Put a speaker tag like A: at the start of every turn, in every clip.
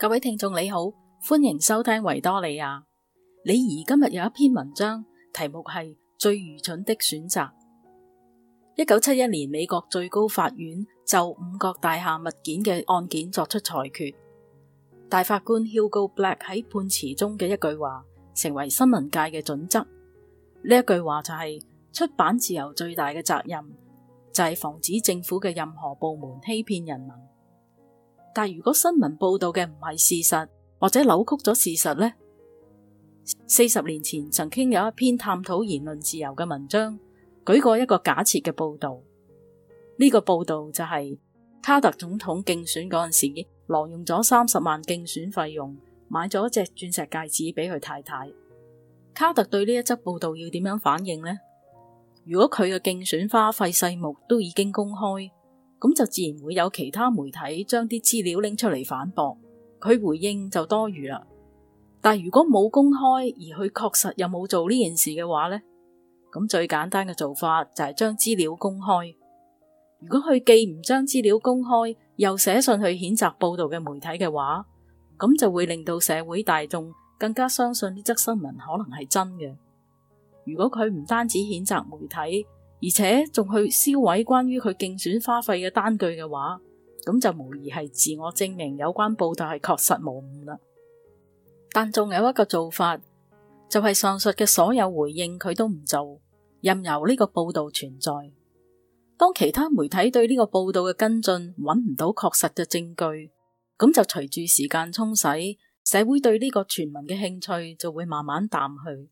A: 各位聽眾你好，歡迎收聽維多利亞李怡。今日有一篇文章，題目係最愚蠢的選擇。一九七一年，美國最高法院就五角大廈物件嘅案件作出裁決，大法官 Hugo Black 喺判詞中嘅一句話，成為新聞界嘅準則。呢一句話就係出版自由最大嘅責任，就係、是、防止政府嘅任何部門欺騙人民。但如果新聞報道嘅唔係事實，或者扭曲咗事實呢？四十年前曾經有一篇探討言論自由嘅文章，舉過一個假設嘅報道。呢、這個報道就係、是、卡特總統競選嗰陣時，挪用咗三十萬競選費用，買咗一隻鑽石戒指俾佢太太。卡特對呢一則報道要點樣反應呢？如果佢嘅競選花費細目都已經公開？咁就自然會有其他媒體將啲資料拎出嚟反駁，佢回應就多餘啦。但如果冇公開，而佢確實又冇做呢件事嘅話呢，咁最簡單嘅做法就係將資料公開。如果佢既唔將資料公開，又寫信去譴責報道嘅媒體嘅話，咁就會令到社會大眾更加相信呢則新聞可能係真嘅。如果佢唔單止譴責媒體，而且仲去銷毀關於佢競選花費嘅單據嘅話，咁就無疑係自我證明有關報道係確實無誤啦。但仲有一個做法，就係上述嘅所有回應佢都唔做，任由呢個報道存在。當其他媒體對呢個報道嘅跟進揾唔到確實嘅證據，咁就隨住時間沖洗，社會對呢個傳聞嘅興趣就會慢慢淡去。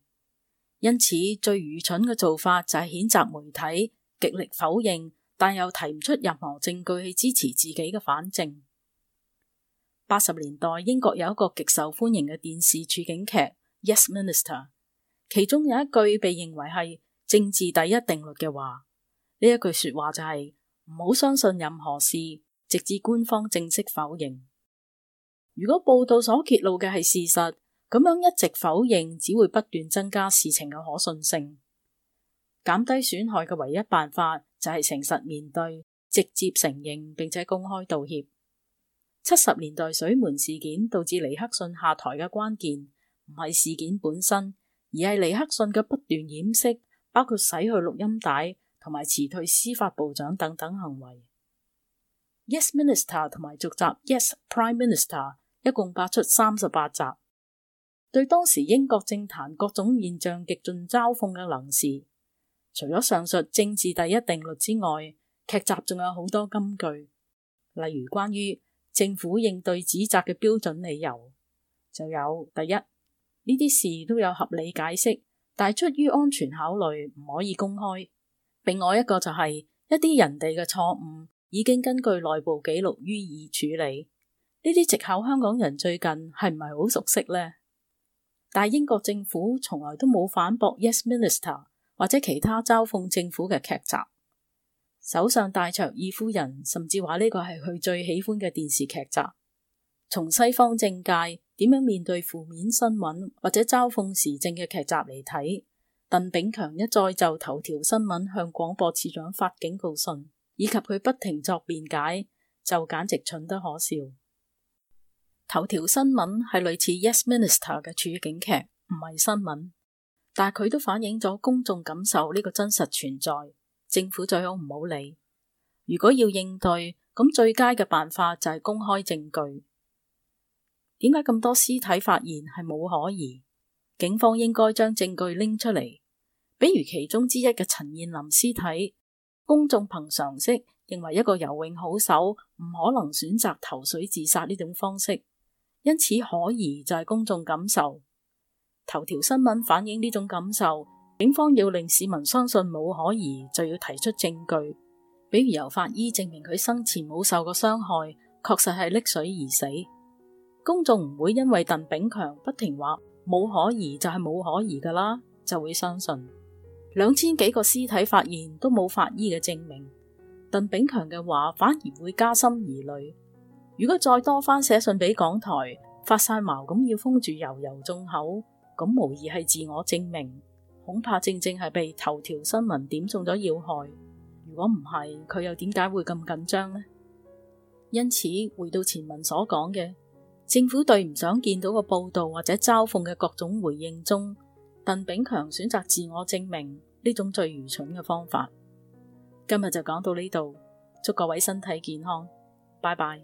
A: 因此，最愚蠢嘅做法就係譴責媒體，極力否認，但又提唔出任何證據去支持自己嘅反正。八十年代，英國有一個極受歡迎嘅電視處境劇《Yes Minister》，其中有一句被認為係政治第一定律嘅話，呢一句說話就係唔好相信任何事，直至官方正式否認。如果報道所揭露嘅係事實。咁樣一直否認，只會不斷增加事情嘅可信性，減低損害嘅唯一辦法就係誠實面對，直接承認並且公開道歉。七十年代水門事件導致尼克遜下台嘅關鍵唔係事件本身，而係尼克遜嘅不斷掩飾，包括洗去錄音帶同埋辭退司法部長等等行為。Yes Minister 同埋續集 Yes Prime Minister 一共播出三十八集。對當時英國政壇各種現象極盡嘲諷嘅能事，除咗上述政治第一定律之外，劇集仲有好多金句，例如關於政府應對指責嘅標準理由，就有，第一，呢啲事都有合理解釋，但係出於安全考慮唔可以公開，另外一個就係、是、一啲人哋嘅錯誤已經根據內部記錄予以處理。呢啲借口，香港人最近係唔係好熟悉呢？但英國政府從來都冇反駁 Yes Minister 或者其他嘲諷政府嘅劇集。首相戴卓爾夫人甚至話呢個係佢最喜歡嘅電視劇集。從西方政界點樣面對負面新聞或者嘲諷時政嘅劇集嚟睇，鄧炳強一再就頭條新聞向廣播處長發警告信，以及佢不停作辯解，就簡直蠢得可笑。頭條新聞係類似 Yes Minister 嘅處境劇，唔係新聞，但佢都反映咗公眾感受，呢個真實存在。政府最好唔好理，如果要應對，咁最佳嘅辦法就係公開證據。點解咁多屍體發現係冇可疑？警方應該將證據拎出嚟，比如其中之一嘅陳彥霖屍體。公眾憑常識認為一個游泳好手唔可能選擇投水自殺呢種方式。因此，可疑就係公眾感受，頭條新聞反映呢種感受。警方要令市民相信冇可疑，就要提出證據，比如由法醫證明佢生前冇受過傷害，確實係溺水而死。公眾唔會因為鄧炳強不停話冇可疑就係冇可疑噶啦，就會相信。兩千幾個屍體發現都冇法醫嘅證明，鄧炳強嘅話反而會加深疑慮。如果再多番寫信俾港台，發晒矛咁要封住悠悠眾口，咁無疑係自我證明，恐怕正正係被頭條新聞點中咗要害。如果唔係，佢又點解會咁緊張呢？因此回到前文所講嘅政府對唔想見到個報道或者嘲諷嘅各種回應中，鄧炳強選擇自我證明呢種最愚蠢嘅方法。今日就講到呢度，祝各位身體健康，拜拜。